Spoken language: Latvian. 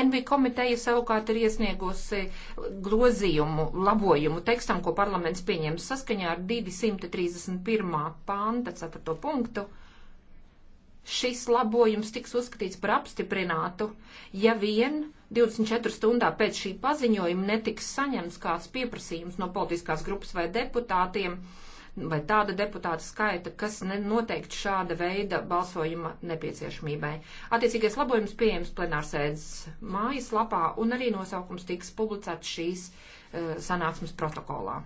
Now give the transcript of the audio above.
NV komiteja savukārt ir iesniegusi grozījumu, labojumu tekstam, ko parlaments pieņems saskaņā ar 231. panta 4. punktu. Šis labojums tiks uzskatīts par apstiprinātu, ja vien 24 stundā pēc šī paziņojuma netiks saņemts kāds pieprasījums no politiskās grupas vai deputātiem vai tāda deputāta skaita, kas noteikti šāda veida balsojuma nepieciešamībai. Attiecīgais labojums pieejams plenārsēdes mājas lapā un arī nosaukums tiks publicēts šīs eh, sanāksmes protokolā.